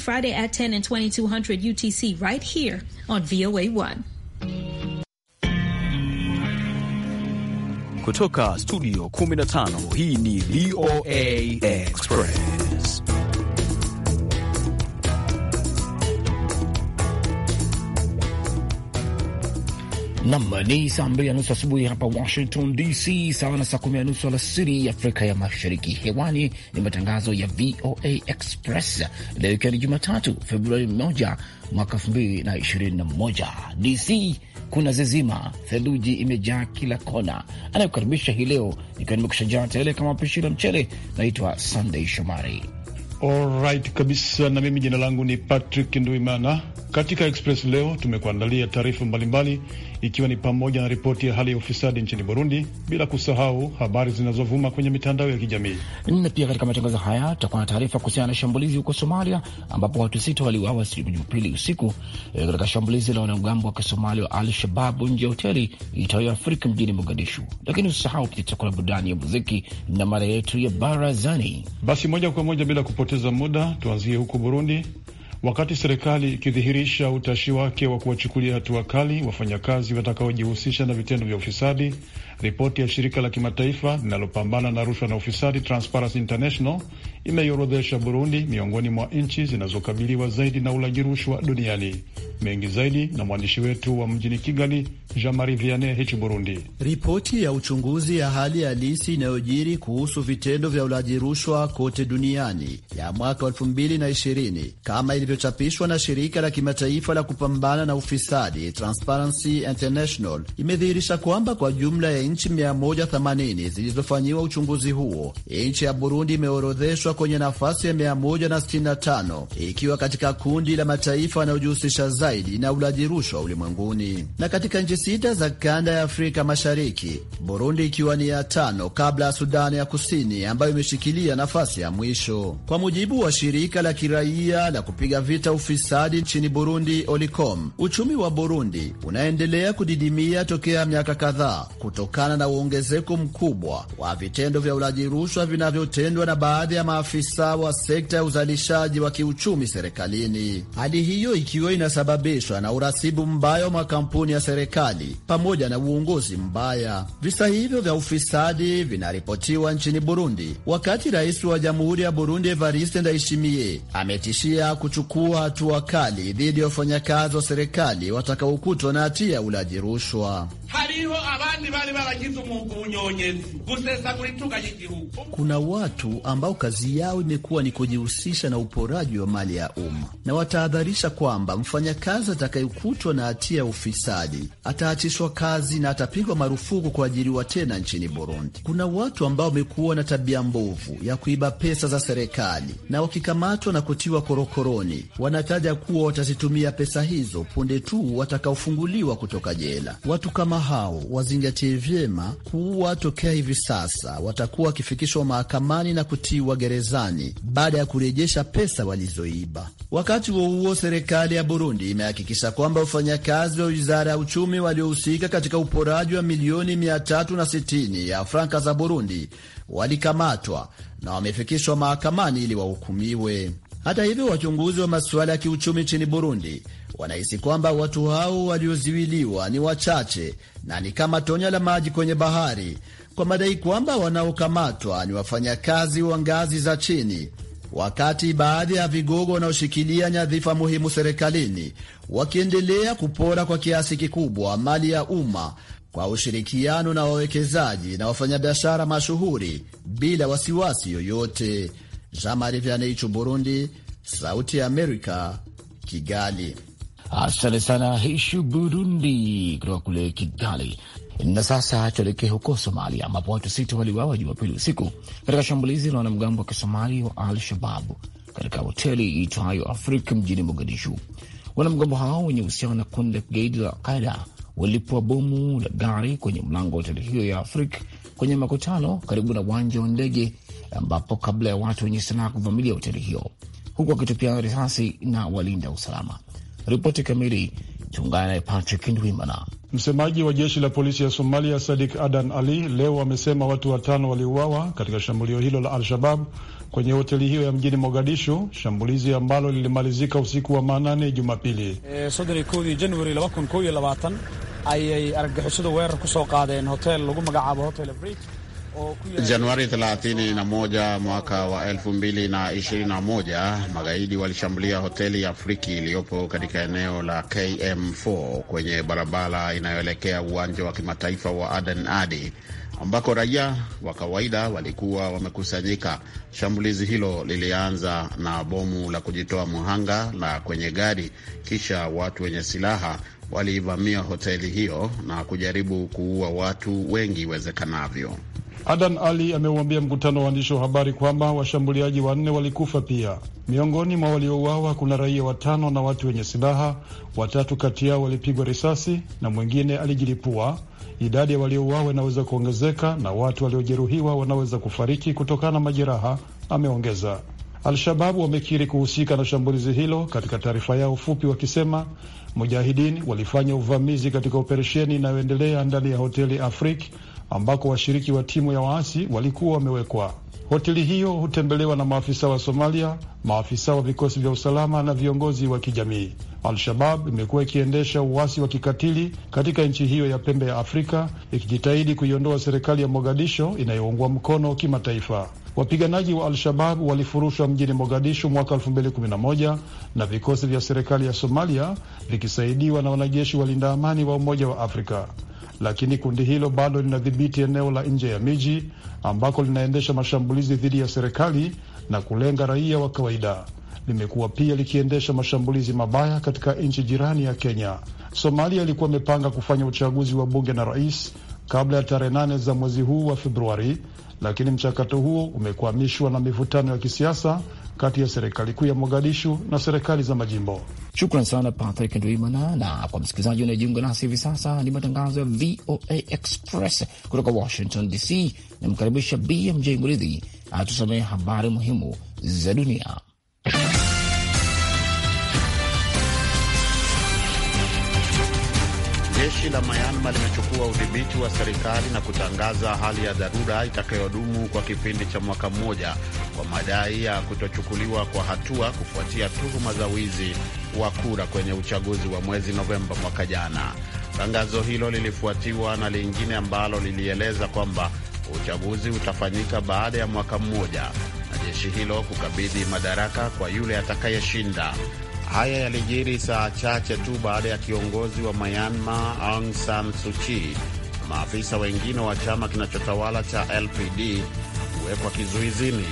Friday at 10 and 2200 UTC right here on VOA1. Kutoka studio 15 hii ni VOA Express. Nam ni saa mbili na nusu asubuhi hapa Washington DC, sawa na saa kumi na nusu alasiri Afrika ya Mashariki. Hewani ni matangazo ya VOA Express leo ikiwa ni Jumatatu, Februari 1 mwaka 2021. DC kuna zezima, theluji imejaa kila kona. Anayokaribisha hii leo ikiwa nimekushajaa tele kama pishi la mchele, naitwa Sandey Shomari. Alright kabisa, na mimi jina langu ni Patrick Nduimana. Katika Express leo tumekuandalia taarifa mbalimbali ikiwa ni pamoja na ripoti ya hali ya ufisadi nchini Burundi, bila kusahau habari zinazovuma kwenye mitandao ya kijamii. Na pia katika matangazo haya tutakuwa na taarifa kuhusiana na shambulizi huko Somalia, ambapo watu sita waliuawa siku Jumapili usiku e, katika shambulizi la wanamgambo wa Kisomali wa Al Shababu nje ya hoteli itayo Afrika mjini Mogadishu. Lakini usisahau pia tutakuwa na burudani ya muziki na mara yetu ya barazani. Basi moja kwa moja bila kupoteza muda, tuanzie huko Burundi wakati serikali ikidhihirisha utashi wake wa kuwachukulia hatua kali wafanyakazi watakaojihusisha na vitendo vya ufisadi Ripoti ya shirika la kimataifa linalopambana na rushwa na ufisadi Transparency International imeiorodhesha Burundi miongoni mwa nchi zinazokabiliwa zaidi na ulaji rushwa duniani. Mengi zaidi na mwandishi wetu wa mjini Kigali, Jean Marie Vianney hichi Burundi. Ripoti ya uchunguzi ya hali halisi inayojiri kuhusu vitendo vya ulaji rushwa kote duniani ya mwaka 2020 kama ilivyochapishwa na shirika la kimataifa la kupambana na ufisadi Transparency International imedhihirisha kwamba kwa jumla ya nchi 180 zilizofanyiwa uchunguzi huo, nchi ya Burundi imeorodheshwa kwenye nafasi ya 165 ikiwa katika kundi la mataifa yanayojihusisha zaidi na ulaji rushwa ulimwenguni. Na katika nchi sita za kanda ya Afrika Mashariki, Burundi ikiwa ni ya tano kabla ya Sudani ya Kusini ambayo imeshikilia nafasi ya mwisho, kwa mujibu wa shirika la kiraia la kupiga vita ufisadi nchini Burundi, Olicom. Uchumi wa Burundi unaendelea kudidimia tokea miaka kadhaa kutoka kutokana na uongezeko mkubwa wa vitendo vya ulaji rushwa vinavyotendwa na baadhi ya maafisa wa sekta ya uzalishaji wa kiuchumi serikalini. Hali hiyo ikiwa inasababishwa na urasibu mbaya wa makampuni ya serikali pamoja na uongozi mbaya. Visa hivyo vya ufisadi vinaripotiwa nchini Burundi, wakati rais wa jamhuri ya Burundi Evariste Ndayishimiye ametishia kuchukua hatua kali dhidi ya wafanyakazi wa serikali watakaokutwa na hatia ya ulaji rushwa abandi baragize Kuna watu ambao kazi yao imekuwa ni kujihusisha na uporaji wa mali ya umma, na watahadharisha kwamba mfanyakazi atakayekutwa na hatia ya ufisadi ataachishwa kazi na atapigwa marufuku kuajiriwa tena nchini Burundi. Kuna watu ambao wamekuwa na tabia mbovu ya kuiba pesa za serikali, na wakikamatwa na kutiwa korokoroni, wanataja kuwa watazitumia pesa hizo punde tu watakaofunguliwa kutoka jela. Watu kama hao hao wazingatie vyema kuwa tokea hivi sasa watakuwa wakifikishwa mahakamani na kutiwa gerezani baada ya kurejesha pesa walizoiba. Wakati huo huo, serikali ya Burundi imehakikisha kwamba wafanyakazi wa wizara ya uchumi waliohusika katika uporaji wa milioni 360 ya franka za Burundi walikamatwa na wamefikishwa mahakamani ili wahukumiwe. Hata hivyo, wachunguzi wa masuala ya kiuchumi nchini Burundi wanahisi kwamba watu hao walioziwiliwa ni wachache na ni kama tonya la maji kwenye bahari, kwa madai kwamba wanaokamatwa ni wafanyakazi wa ngazi za chini, wakati baadhi ya vigogo wanaoshikilia nyadhifa muhimu serikalini wakiendelea kupora kwa kiasi kikubwa mali ya umma kwa ushirikiano na wawekezaji na wafanyabiashara mashuhuri bila wasiwasi yoyote. Jean Marie Vianney, Burundi, Sauti ya Amerika, Kigali. Asante sana Hishu Burundi kutoka kule Kigali. Na sasa tuelekee huko Somalia, ambapo watu sita waliwawa Jumapili usiku katika shambulizi la wanamgambo wa kisomali wa Al Shababu katika hoteli iitwayo Afrika mjini Mogadishu. Wanamgambo hao wenye uhusiano na kundi la kigaidi la Alqaida walipua bomu la gari kwenye mlango wa hoteli hiyo ya Afrika kwenye makutano karibu na uwanja wa ndege, ambapo kabla ya watu wenye silaha kuvamilia hoteli hiyo, huku wakitupiana risasi na walinda usalama. Ripoti kamili, tuungana naye Patrick Ndwimana. Msemaji wa jeshi la polisi ya Somalia Sadik Adan Ali leo amesema watu watano waliuawa katika shambulio hilo la Al-Shabab kwenye hoteli hiyo ya mjini Mogadishu, shambulizi ambalo lilimalizika usiku wa manane Jumapili. Eh, ayay argagixisadu weerar kusoo qaadeen hotel lagu magacaabo Hotel Bridge Januari 31 mwaka wa 2021 magaidi walishambulia hoteli ya Afriki iliyopo katika eneo la KM4 kwenye barabara inayoelekea uwanja wa kimataifa wa Aden Adi ambako raia wa kawaida walikuwa wamekusanyika. Shambulizi hilo lilianza na bomu la kujitoa mhanga la kwenye gari, kisha watu wenye silaha waliivamia hoteli hiyo na kujaribu kuua watu wengi iwezekanavyo. Adan Ali ameuambia mkutano wa waandishi wa habari kwamba washambuliaji wanne walikufa pia. Miongoni mwa waliouawa kuna raia watano na watu wenye silaha, watatu kati yao walipigwa risasi na mwingine alijilipua. Idadi ya waliouawa inaweza kuongezeka na watu waliojeruhiwa wanaweza kufariki kutokana na majeraha, ameongeza. Al-Shababu wamekiri kuhusika na shambulizi hilo katika taarifa yao fupi wakisema mujahidini walifanya uvamizi katika operesheni inayoendelea ndani ya hoteli Afrik ambako washiriki wa timu ya waasi walikuwa wamewekwa. Hoteli hiyo hutembelewa na maafisa wa Somalia, maafisa wa vikosi vya usalama na viongozi wa kijamii. Al-Shabab imekuwa ikiendesha uasi wa kikatili katika nchi hiyo ya pembe ya Afrika, ikijitahidi kuiondoa serikali ya Mogadisho inayoungwa mkono kimataifa. Wapiganaji wa Al-Shabab walifurushwa mjini Mogadishu mwaka 2011 na vikosi vya serikali ya Somalia vikisaidiwa na wanajeshi walinda amani wa Umoja wa Afrika lakini kundi hilo bado linadhibiti eneo la nje ya miji ambako linaendesha mashambulizi dhidi ya serikali na kulenga raia wa kawaida. Limekuwa pia likiendesha mashambulizi mabaya katika nchi jirani ya Kenya. Somalia ilikuwa imepanga kufanya uchaguzi wa bunge na rais kabla ya tarehe nane za mwezi huu wa Februari, lakini mchakato huo umekwamishwa na mivutano ya kisiasa kati ya serikali kuu ya Mogadishu na serikali za majimbo. Shukran sana Patrick Ndwimana. Na kwa msikilizaji unayejiunga nasi hivi sasa, ni matangazo ya VOA Express kutoka Washington DC. Namkaribisha BMJ Mridhi atusomee habari muhimu za dunia. Jeshi la Myanmar limechukua udhibiti wa serikali na kutangaza hali ya dharura itakayodumu kwa kipindi cha mwaka mmoja kwa madai ya kutochukuliwa kwa hatua kufuatia tuhuma za wizi wa kura kwenye uchaguzi wa mwezi Novemba mwaka jana. Tangazo hilo lilifuatiwa na lingine ambalo lilieleza kwamba uchaguzi utafanyika baada ya mwaka mmoja na jeshi hilo kukabidhi madaraka kwa yule atakayeshinda. Haya yalijiri saa chache tu baada ya kiongozi wa Myanmar Aung San Suu Kyi na maafisa wengine wa chama kinachotawala cha LPD kuwekwa kizuizini.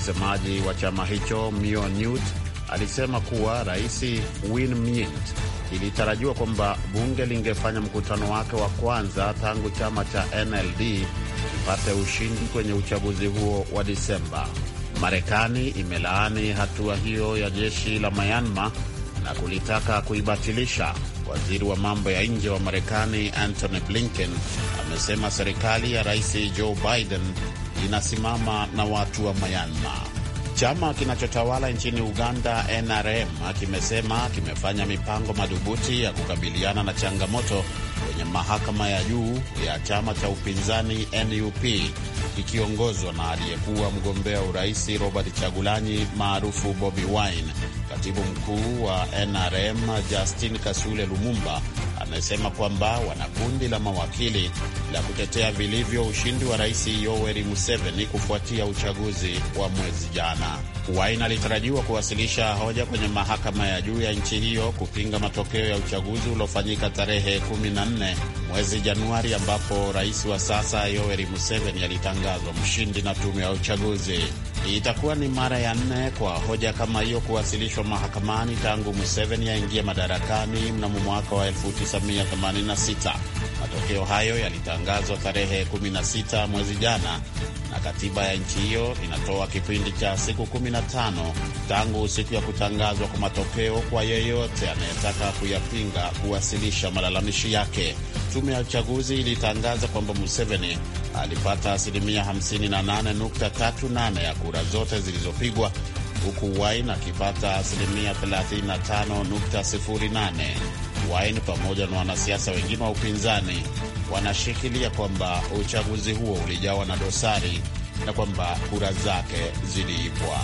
Msemaji wa chama hicho Mio Newt alisema kuwa Rais Win Myint ilitarajiwa kwamba bunge lingefanya mkutano wake wa kwanza tangu chama cha NLD kipate ushindi kwenye uchaguzi huo wa Disemba. Marekani imelaani hatua hiyo ya jeshi la Myanmar na kulitaka kuibatilisha. Waziri wa mambo ya nje wa Marekani Antony Blinken amesema serikali ya Rais Joe Biden inasimama na watu wa Myanmar. Chama kinachotawala nchini Uganda NRM kimesema kimefanya mipango madhubuti ya kukabiliana na changamoto kwenye mahakama ya juu ya chama cha upinzani NUP ikiongozwa na aliyekuwa mgombea urais Robert Chagulanyi maarufu Bobi Wine, katibu mkuu wa NRM Justin Kasule Lumumba amesema kwamba wana kundi la mawakili la kutetea vilivyo ushindi wa Rais Yoweri Museveni kufuatia uchaguzi wa mwezi jana. Wain alitarajiwa kuwasilisha hoja kwenye mahakama ya juu ya nchi hiyo kupinga matokeo ya uchaguzi uliofanyika tarehe 14 mwezi Januari, ambapo rais wa sasa Yoweri Museveni alitangazwa mshindi na tume ya uchaguzi. Itakuwa ni mara ya nne kwa hoja kama hiyo kuwasilishwa mahakamani tangu Museveni aingia madarakani mnamo mwaka wa 1986. Matokeo hayo yalitangazwa tarehe 16 mwezi jana, na katiba ya nchi hiyo inatoa kipindi cha siku 15 tangu siku ya kutangazwa kwa matokeo kwa yeyote anayetaka kuyapinga kuwasilisha malalamishi yake tume ya uchaguzi ilitangaza kwamba Museveni alipata asilimia 58.38 ya kura zote zilizopigwa huku Wine akipata asilimia 35.08. Wine pamoja na wanasiasa wengine wa upinzani wanashikilia kwamba uchaguzi huo ulijawa na dosari na kwamba kura zake ziliibwa.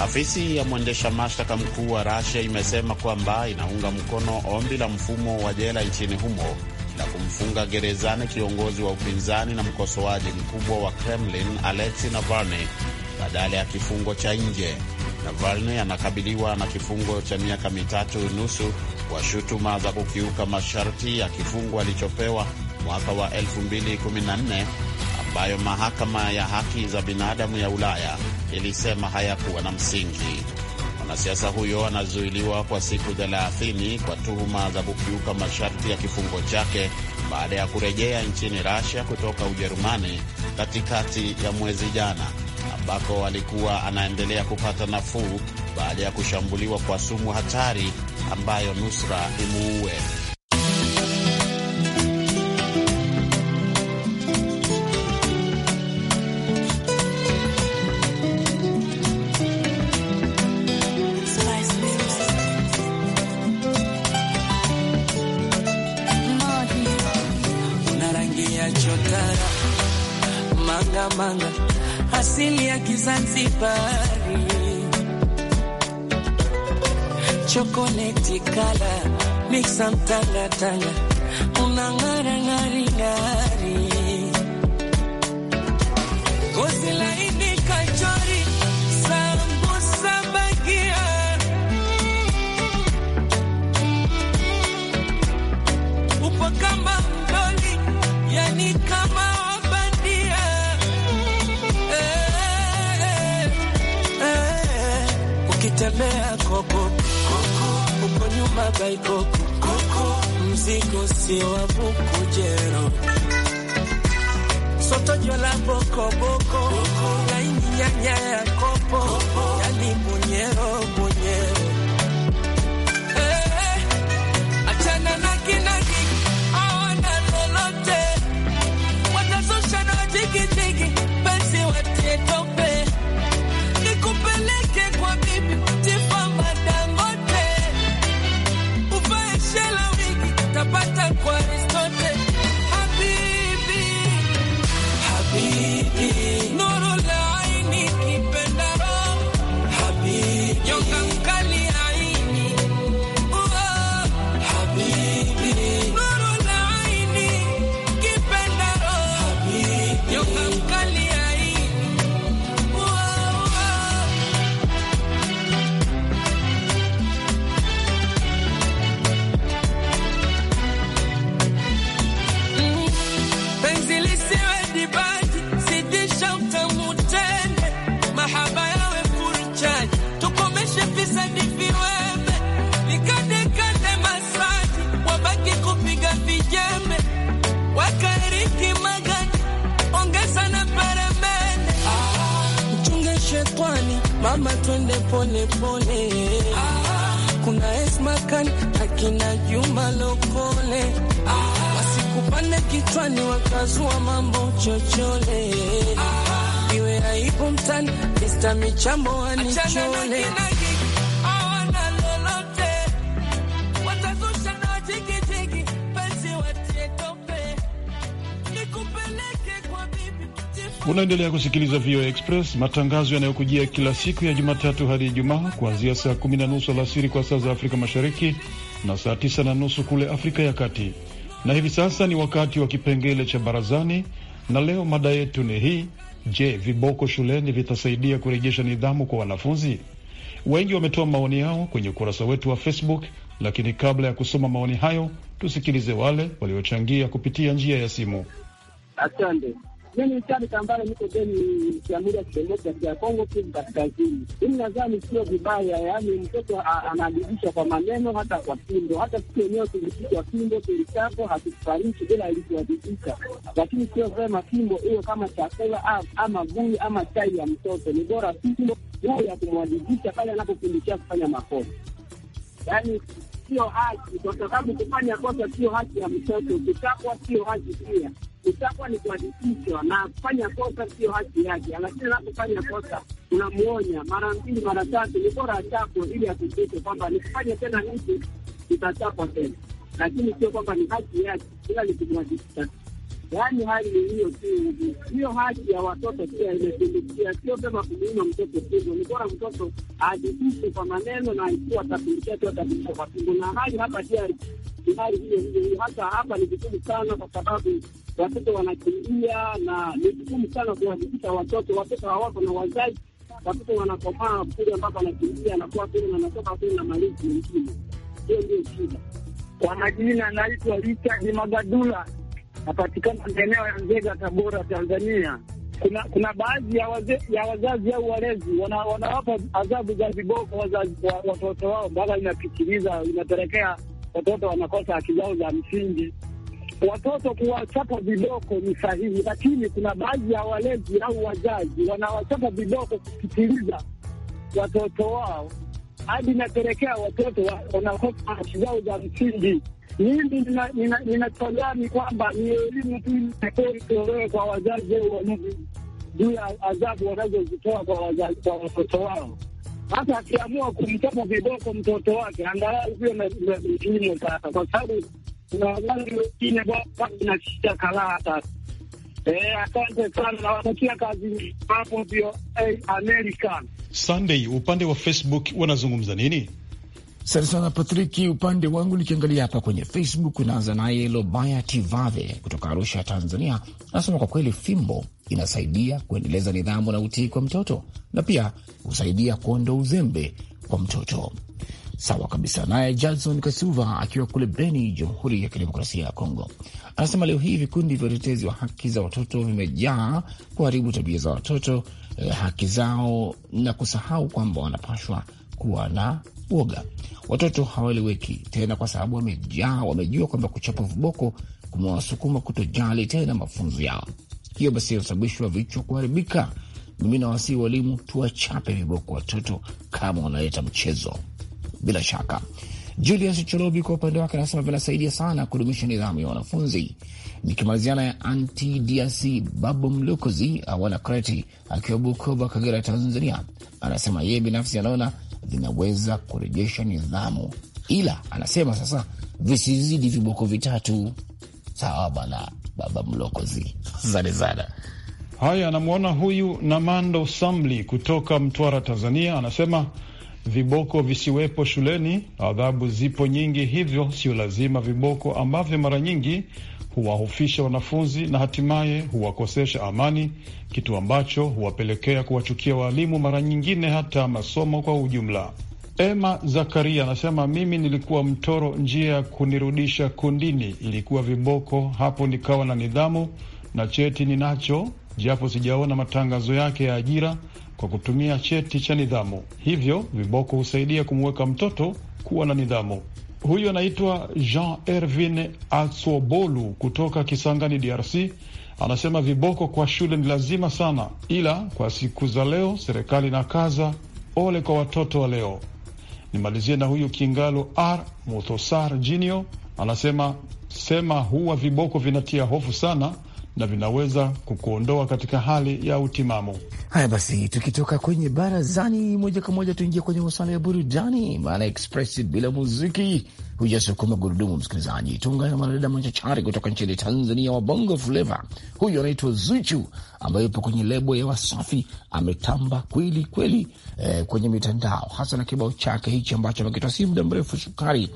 Afisi ya mwendesha mashtaka mkuu wa Rasia imesema kwamba inaunga mkono ombi la mfumo wa jela nchini humo na kumfunga gerezani kiongozi wa upinzani na mkosoaji mkubwa wa Kremlin Alexei Navalny badala ya kifungo cha nje. Navalny anakabiliwa na kifungo cha miaka mitatu nusu kwa shutuma za kukiuka masharti ya kifungo alichopewa mwaka wa 2014 ambayo mahakama ya haki za binadamu ya Ulaya ilisema hayakuwa na msingi. Mwanasiasa huyo anazuiliwa kwa siku 30 kwa tuhuma za kukiuka masharti ya kifungo chake baada ya kurejea nchini Russia kutoka Ujerumani katikati ya mwezi jana, ambako alikuwa anaendelea kupata nafuu baada ya kushambuliwa kwa sumu hatari ambayo nusra imuue. habari chokoleti kala mixantala tala unang'ara ng'ari ng'ari kutembea koko uko nyuma baikoko, mzigo soto jola boko boko, bokoboko laini nyanya ya kopo yani munyero mama, twende pole pole. Kuna Esmakan akina Juma Lokole wasikupande kichwani wakazua mambo chochole, iwe aibu mtani, Mr. Michambo anichole Unaendelea kusikiliza VOA Express, matangazo yanayokujia kila siku ya Jumatatu hadi Ijumaa, kuanzia saa kumi na nusu alasiri kwa saa za Afrika Mashariki na saa tisa na nusu kule Afrika ya Kati. Na hivi sasa ni wakati wa kipengele cha Barazani, na leo mada yetu ni hii: Je, viboko shuleni vitasaidia kurejesha nidhamu kwa wanafunzi? Wengi wametoa maoni yao kwenye ukurasa wetu wa Facebook, lakini kabla ya kusoma maoni hayo, tusikilize wale waliochangia kupitia njia ya simu. Asante. Mimi Richard Kambale niko Beni, Jamhuri ya Kidemokrasia ya Kongo, Kivu Kaskazini. Mimi nadhani sio vibaya, yaani mtoto anaadibishwa kwa maneno, hata kwa pindo. Hata sisi wenyewe tulipigwa pindo, tulichapo hatukufarishi bila ilivyoadibika, lakini sio vema pindo hiyo kama chakula ama bui ama chai ya mtoto. Ni bora pindo huyo ya kumwadibisha pale anapofundishia kufanya makosa, yaani sio haki, kwa sababu kufanya kosa sio haki ya mtoto. Kutakwa sio haki pia, kutakwa ni kuhakikishwa, na kufanya kosa sio haki yake, lakini anapofanya kosa unamuonya mara mbili mara tatu, ni bora achapwe ili akumbushe kwamba nikifanya tena nisi nitachapwa tena, lakini sio kwamba ni haki yake, ila ni kumhakikisha yaani hali ni hiyo tu. Hiyo haki ya watoto pia imesindikia, sio vema kumuuma mtoto tumbo, ni bora mtoto ajitusi kwa maneno na ikiwa atapindikia tu atapindikia kwa tumbo, na hali hapa pia ni hali hiyo hiyo. Hata hapa ni vigumu sana, kwa sababu watoto wanakimbia na ni vigumu sana kuhakikisha watoto, watoto hawako na wazazi, watoto wanakomaa kule ambapo anakimbia anakuwa kule na anatoka kule na malizi mengine. Hiyo ndio shida. Kwa majina naitwa Richard Magadula napatikana maeneo ya Nzega, Tabora, Tanzania. Kuna kuna baadhi ya, waze, ya wazazi au walezi wanawapa wana adhabu za viboko wazazi wa, watoto wao mpaka inapitiliza, inapelekea watoto wanakosa haki zao za msingi. Watoto kuwachapa viboko ni sahihi, lakini kuna baadhi ya walezi au wazazi wanawachapa viboko kupitiliza watoto wao hadi inapelekea watoto wanakosa haki zao za msingi mimi ninatazami kwamba ni elimu tu itolewe kwa wazazi au walezi juu ya adhabu wanazozitoa kwa watoto wao. Hata akiamua kumchapa viboko mtoto wake, angalau hiyo na sasa, kwa sababu kuna wazazi wengine inashika kalaa sasa. Eh, asante sana, nawatakia kazi hapo. Ndio Amerika Sunday, upande wa Facebook wanazungumza nini? Asante sana Patriki. Upande wangu nikiangalia hapa kwenye Facebook, unaanza naye Lobaya Tivave kutoka Arusha, Tanzania, anasema kwa kweli fimbo inasaidia kuendeleza nidhamu na utii kwa mtoto na pia husaidia kuondoa uzembe kwa mtoto. Sawa kabisa. Naye Jason Kasuva akiwa kule Beni, Jamhuri ya Kidemokrasia ya Kongo, anasema leo hii vikundi vya utetezi wa haki za watoto vimejaa kuharibu tabia za watoto, eh, haki zao na kusahau kwamba wanapashwa kuwa na kuoga. Watoto hawaeleweki tena kwa sababu wamejaa, wamejua kwamba kuchapa viboko kumewasukuma kutojali tena mafunzo yao. Hiyo basi inasababishwa vichwa kuharibika. Mimi nawasihi walimu, tuwachape viboko watoto kama wanaleta mchezo. Bila shaka Julius Cholobi kwa upande wake anasema vinasaidia sana kudumisha nidhamu ya wanafunzi. Nikimaliziana ya anti DRC Babu Mlokozi awana kreti akiwa Bukoba, Kagera, Tanzania, anasema yeye binafsi anaona zinaweza kurejesha nidhamu, ila anasema sasa visizidi viboko vitatu. Sawa bana, baba mlokozi zane sana. Haya, anamwona huyu Namando Samli kutoka Mtwara, Tanzania, anasema viboko visiwepo shuleni. Adhabu zipo nyingi, hivyo sio lazima viboko ambavyo mara nyingi huwahofisha wanafunzi na hatimaye huwakosesha amani, kitu ambacho huwapelekea kuwachukia waalimu, mara nyingine hata masomo kwa ujumla. Emma Zakaria anasema mimi nilikuwa mtoro, njia ya kunirudisha kundini ilikuwa viboko, hapo nikawa na nidhamu na cheti ninacho, japo sijaona matangazo yake ya ajira kwa kutumia cheti cha nidhamu. Hivyo viboko husaidia kumweka mtoto kuwa na nidhamu. Huyu anaitwa Jean Ervin Atsobolu kutoka Kisangani, DRC. Anasema viboko kwa shule ni lazima sana, ila kwa siku za leo serikali na kaza. Ole kwa watoto wa leo. Nimalizie na huyu Kingalo R Muthosar Jinio anasema sema, huwa viboko vinatia hofu sana na vinaweza kukuondoa katika hali ya utimamu. Haya basi, tukitoka kwenye barazani moja kwa moja tuingie kwenye masuala ya burudani, maana express bila muziki hujasukuma gurudumu. Msikilizaji, tunga mwanadada machachari kutoka nchini Tanzania wa bongo fleva, huyu anaitwa Zuchu ambayo yupo kwenye lebo ya Wasafi. Ametamba kweli kweli eh, kwenye mitandao hasa na kibao chake hichi ambacho amekitoa si muda mrefu, Sukari.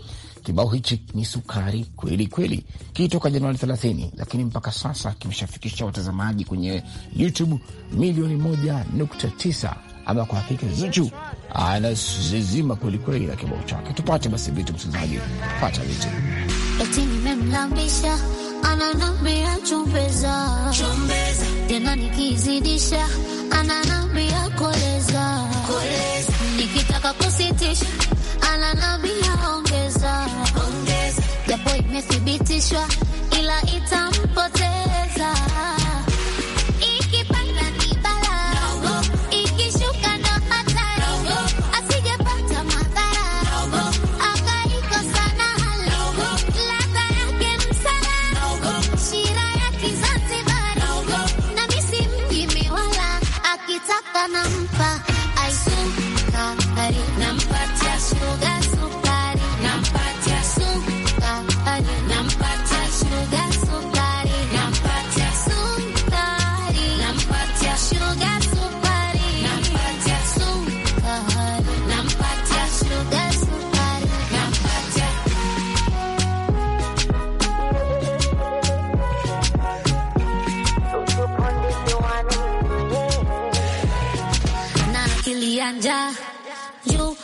Kibao hichi ni sukari kweli kweli, kitoka Januari 30 lakini mpaka sasa kimeshafikisha watazamaji kwenye YouTube milioni 1.9 ama kwa hakika Zuchu anazizima kwelikweli na kibao chake. Tupate basi vitu, msikilizaji, pata vitu ananambia ongeza, japo imethibitishwa ila ya njaa juu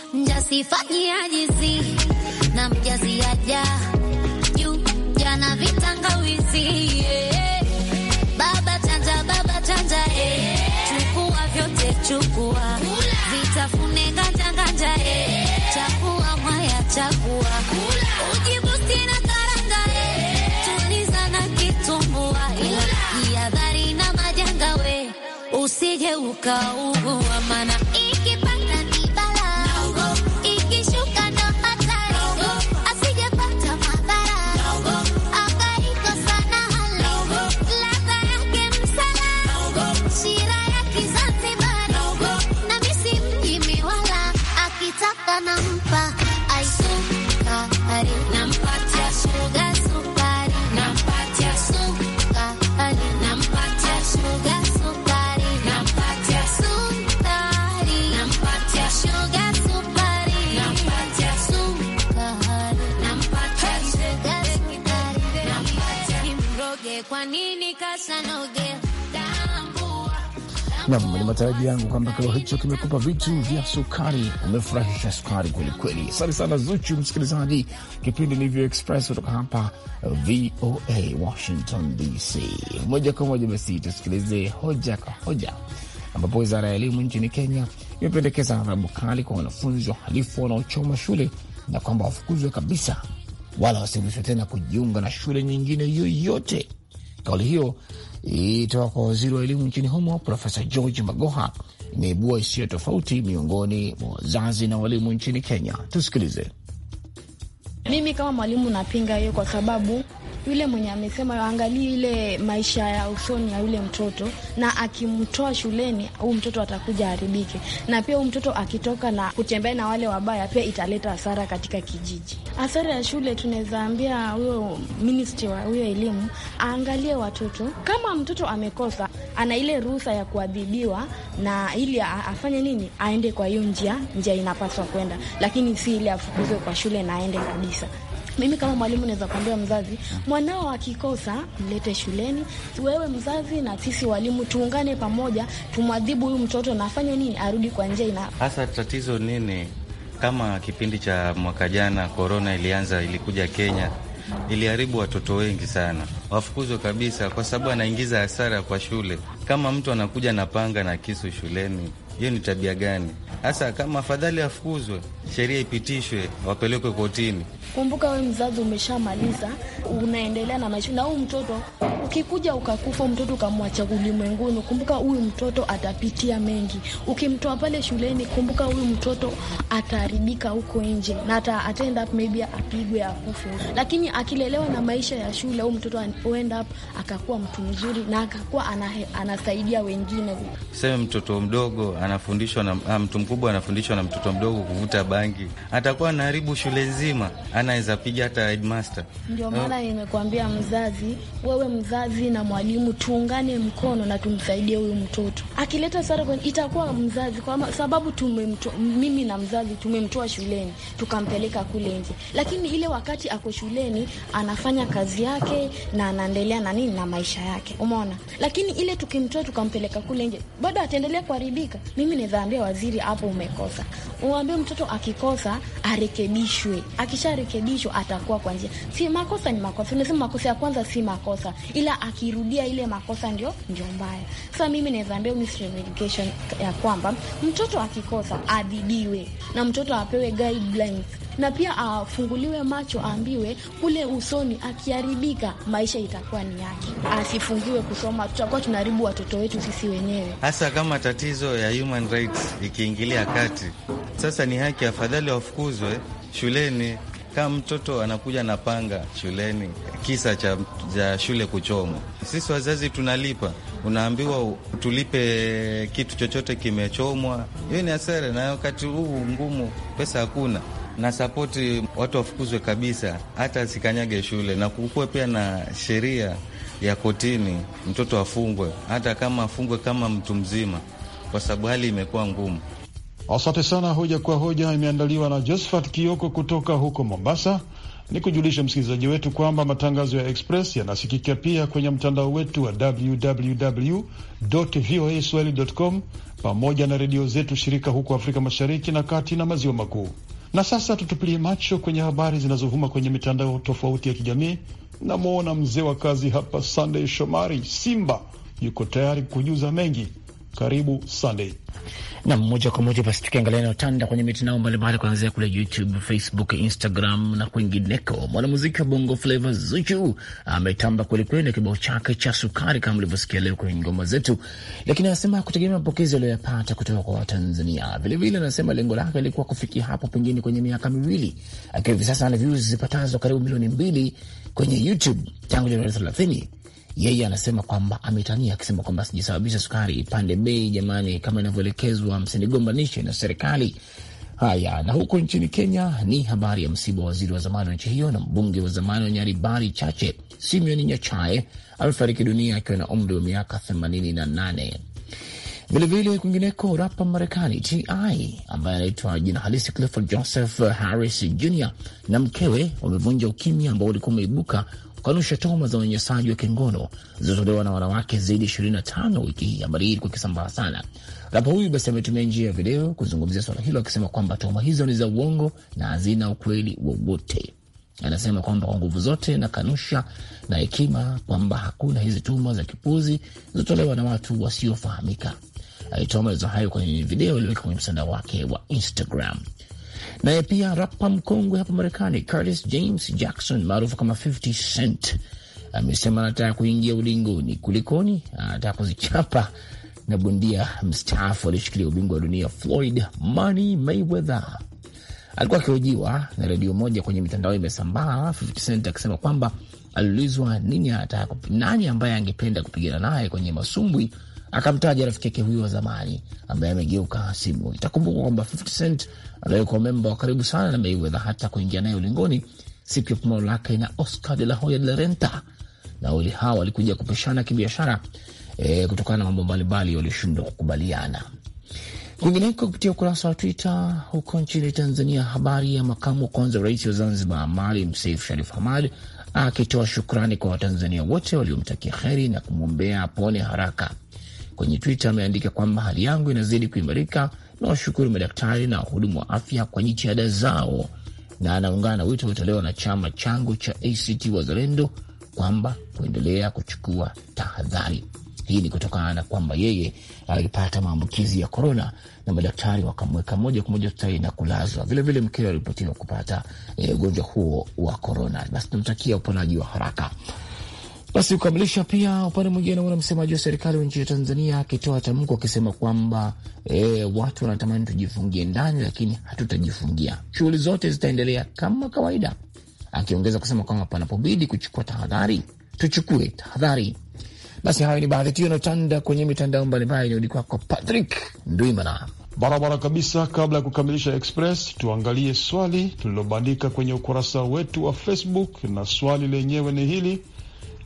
na mjasiaja ju jana vitangawizi yeah. Baba chanja, baba chanja eh. Chukua vyote chukua, vitafune ganja ganja eh. usije ukaugua, maana iki Nam, ni matarajio yangu kwamba kileo hicho kimekupa vitu vya sukari, umefurahisha sukari kwelikweli. Asante sana Zuchu msikilizaji, kipindi ni Vio Express kutoka hapa VOA Washington DC. Moja kwa moja basi tusikilize hoja kwa hoja, ambapo wizara ya elimu nchini Kenya imependekeza adhabu kali kwa wanafunzi wa halifu wanaochoma shule na kwamba wafukuzwe kabisa, wala wasiruhusiwe tena kujiunga na shule nyingine yoyote Kauli hiyo itoka kwa waziri wa elimu nchini humo Profesa George Magoha imeibua isiyo tofauti miongoni mwa wazazi na walimu nchini Kenya. Tusikilize. Mimi kama mwalimu napinga hiyo kwa sababu yule mwenye amesema waangalie ile maisha ya usoni ya yule mtoto, na akimtoa shuleni huu mtoto atakuja haribike, na pia huu mtoto akitoka na kutembea na wale wabaya, pia italeta hasara katika kijiji. Hasara ya shule, tunaweza ambia huyo ministri wa huyo elimu aangalie watoto, kama mtoto amekosa, ana ile ruhusa ya kuadhibiwa, na ili afanye nini, aende kwa hiyo njia, njia inapaswa kwenda, lakini si ili afukuzwe kwa shule na aende kabisa. Mimi kama mwalimu naweza kuambia mzazi, mwanao akikosa mlete shuleni. Wewe mzazi na sisi walimu tuungane pamoja, tumwadhibu huyu mtoto na afanye nini, arudi kwa njia ina. Hasa tatizo nini? Kama kipindi cha mwaka jana korona ilianza, ilikuja Kenya, iliharibu watoto wengi sana, wafukuzwe kabisa, kwa sababu anaingiza hasara kwa shule. Kama mtu anakuja na panga na kisu shuleni hiyo ni tabia gani? Hasa kama afadhali afukuzwe, sheria ipitishwe, wapelekwe kotini. Kumbuka we mzazi umeshamaliza, unaendelea na maisha na huyu mtoto. Ukikuja ukakufa mtoto ukamwacha ulimwenguni, kumbuka huyu mtoto atapitia mengi. Ukimtoa pale shuleni, kumbuka huyu mtoto ataharibika huko nje na ata end up maybe apigwe akufe. Lakini akilelewa na maisha ya shule, huyu mtoto end up akakuwa mtu mzuri na akakuwa anasaidia wengine. Seme mtoto mdogo anafundishwa na ah, mtu mkubwa anafundishwa na mtoto mdogo kuvuta bangi, atakuwa anaharibu shule nzima, anaweza piga hata headmaster. Ndio eh? maana inakwambia mzazi, wewe mzazi na mwalimu tuungane mkono na tumsaidie huyu mtoto. Akileta sara itakuwa mzazi, kwa sababu tumemto, mimi na mzazi tumemtoa shuleni tukampeleka kule nje, lakini ile wakati ako shuleni anafanya kazi yake na anaendelea na nini na maisha yake, umeona. Lakini ile tukimtoa tukampeleka kule nje, bado ataendelea kuharibika mimi naweza ambia waziri, hapo umekosa. Uambie mtoto akikosa arekebishwe, akisharekebishwa atakuwa kwa njia. Si makosa ni makosa, unasema makosa ya kwanza si makosa, ila akirudia ile makosa ndio ndio mbaya. Sasa mimi naweza ambia Ministry of Education ya kwamba mtoto akikosa adhibiwe na mtoto apewe guidelines na pia afunguliwe macho, aambiwe kule usoni akiharibika maisha itakuwa ni yake, asifungiwe kusoma. Tutakuwa tunaharibu watoto wetu sisi wenyewe, hasa kama tatizo ya human rights ikiingilia kati. Sasa ni haki, afadhali wafukuzwe shuleni kama mtoto anakuja na panga shuleni, kisa cha, cha shule kuchoma. Sisi wazazi tunalipa, unaambiwa tulipe kitu chochote kimechomwa. Hiyo ni hasara, na wakati huu ngumu, pesa hakuna. Nasapoti watu wafukuzwe kabisa, hata asikanyage shule, na kukuwe pia na sheria ya kotini, mtoto afungwe, hata kama afungwe kama mtu mzima, kwa sababu hali imekuwa ngumu. Asante sana. Hoja kwa Hoja imeandaliwa na Josephat Kioko kutoka huko Mombasa. Ni kujulisha msikilizaji wetu kwamba matangazo ya Express yanasikika pia kwenye mtandao wetu wa www voa swahili com pamoja na redio zetu shirika huko Afrika Mashariki na kati na maziwa makuu. Na sasa tutupilie macho kwenye habari zinazovuma kwenye mitandao tofauti ya kijamii. Namwona mzee wa kazi hapa, sandey Shomari Simba yuko tayari kujuza mengi. Karibu sandey na moja kwa moja basi, tukiangalia inayotanda kwenye mitandao mbalimbali kuanzia kule YouTube, Facebook, Instagram na kwingineko. Mwanamuziki wa bongo flava Zuchu ametamba kwelikweli na kibao chake cha sukari kama mlivyosikia leo kwenye ngoma zetu, lakini anasema kutegemea mapokezi aliyoyapata kutoka kwa Watanzania. Vilevile anasema lengo lake lilikuwa kufikia hapo pengine kwenye miaka miwili, akiwa hivi sasa ana views zipatazo karibu milioni mbili kwenye YouTube tangu Januari thelathini yeye anasema kwamba ametania akisema kwamba sijisababisha sukari ipande bei, jamani, kama inavyoelekezwa, msinigombanishe na serikali. Haya, na huko nchini Kenya ni habari ya msiba wa waziri wa zamani wa nchi hiyo na mbunge wa zamani wa Nyaribari Chache, Simeon Nyachae amefariki dunia akiwa na umri wa miaka 88. Vilevile kwingineko, rapa Marekani Ti ambaye anaitwa jina halisi Clifford Joseph Harris Jr na mkewe wamevunja ukimya ambao ulikuwa umeibuka kukanusha tuhuma za unyanyasaji wa kingono zilizotolewa na wanawake zaidi ya 25 wiki hii, habari hii ilikuwa ikisambaa sana. Rapo huyu basi ametumia njia ya video kuzungumzia swala hilo, akisema kwamba tuhuma hizo ni za uongo na hazina ukweli wowote. Anasema kwamba kwa nguvu zote na kanusha na hekima kwamba hakuna hizi tuhuma za kipuzi zilizotolewa na watu wasiofahamika. Alitoa maelezo hayo kwenye video iliyoweka kwenye mtandao wake wa Instagram. Naye pia rapa mkongwe hapa Marekani Curtis James Jackson maarufu kama 50 Cent amesema anataka kuingia ulingoni. Kulikoni? anataka kuzichapa na bondia mstaafu aliyeshikilia ubingwa wa dunia Floyd Money Mayweather. Alikuwa akihojiwa na redio moja kwenye mitandao imesambaa, 50 Cent akisema kwamba aliulizwa nini anataka, nani ambaye angependa kupigana naye kwenye masumbwi akamtaja rafiki yake huyo wa zamani ambaye amegeuka hasimu. Itakumbukwa kwamba 50 Cent aliyekuwa memba wa karibu sana na Mayweather hata kuingia naye ulingoni siku ya pumao lake na Oscar de la Hoya de la Renta, na wawili hawa walikuja kupeshana kibiashara e, kutokana na mambo mbalimbali walioshindwa kukubaliana. Kwingineko, kupitia ukurasa wa Twitter huko nchini Tanzania, habari ya makamu wa kwanza wa rais wa Zanzibar Maalim Seif Sharif Hamad akitoa shukrani kwa Watanzania wote waliomtakia heri na kumwombea apone haraka kwenye Twitter ameandika kwamba hali yangu inazidi kuimarika na washukuru madaktari na wahudumu wa afya kwa jitihada zao, na anaungana na wito uliotolewa na chama changu cha ACT Wazalendo kwamba kuendelea kuchukua tahadhari. Hii ni kutokana na kwamba yeye alipata maambukizi ya korona na madaktari wakamweka moja kwa moja hospitali na kulazwa. Vilevile mkewe aliripotiwa kupata eh, ugonjwa e, huo wa korona. Basi tunamtakia uponaji wa haraka. Basi kukamilisha, pia upande mwingine, naona msemaji wa serikali wa nchi ya Tanzania akitoa tamko akisema kwamba e, watu wanatamani tujifungie ndani, lakini hatutajifungia, shughuli zote zitaendelea kama kawaida, akiongeza kusema kwamba panapobidi kuchukua tahadhari tuchukue tahadhari. Basi hayo ni baadhi tu yanayotanda kwenye mitandao mbalimbali. Inarudi kwako Patrick Ndwimana. Barabara kabisa. Kabla ya kukamilisha Express, tuangalie swali tulilobandika kwenye ukurasa wetu wa Facebook, na swali lenyewe ni hili: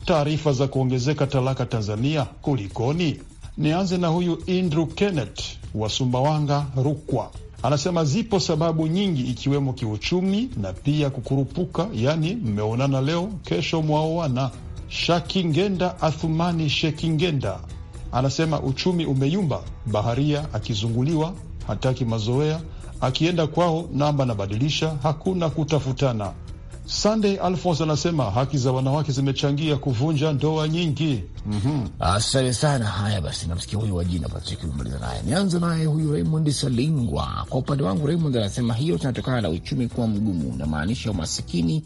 taarifa za kuongezeka talaka Tanzania kulikoni? Nianze na huyu Andrew Kenneth wa Sumbawanga, Rukwa. Anasema zipo sababu nyingi ikiwemo kiuchumi na pia kukurupuka, yaani mmeonana leo, kesho mwaoana. Shakingenda Athumani Shekingenda anasema uchumi umeyumba, baharia akizunguliwa hataki mazoea, akienda kwao namba anabadilisha, hakuna kutafutana Sunday Alfons anasema haki za wanawake zimechangia kuvunja ndoa nyingi. mm -hmm. Asante sana. Haya basi, namsikia huyu wajina Patrick umaliza naye. Nianze naye huyu Raymond Salingwa. Kwa upande wangu, Raymond anasema hiyo tunatokana na uchumi kuwa mgumu, namaanisha umasikini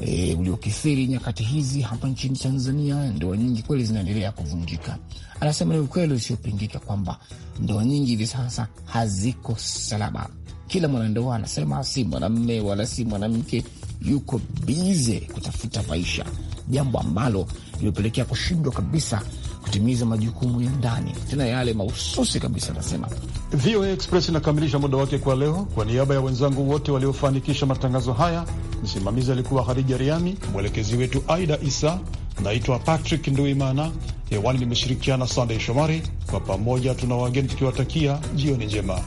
e, uliokithiri nyakati hizi hapa nchini Tanzania. Ndoa nyingi kweli zinaendelea kuvunjika. Anasema ni ukweli usiopingika kwamba ndoa nyingi hivi sasa haziko salama. Kila mwanandoa anasema si mwanamme wala si mwanamke yuko bize kutafuta maisha, jambo ambalo limepelekea kushindwa kabisa kutimiza majukumu ya ndani, tena yale mahususi kabisa. Anasema VOA Express inakamilisha muda wake kwa leo. Kwa niaba ya wenzangu wote waliofanikisha matangazo haya, msimamizi alikuwa Hadija Riami, mwelekezi wetu Aida Isa. Naitwa Patrick Nduimana, hewani nimeshirikiana Sandey Shomari. Kwa pamoja tuna wageni tukiwatakia jioni njema.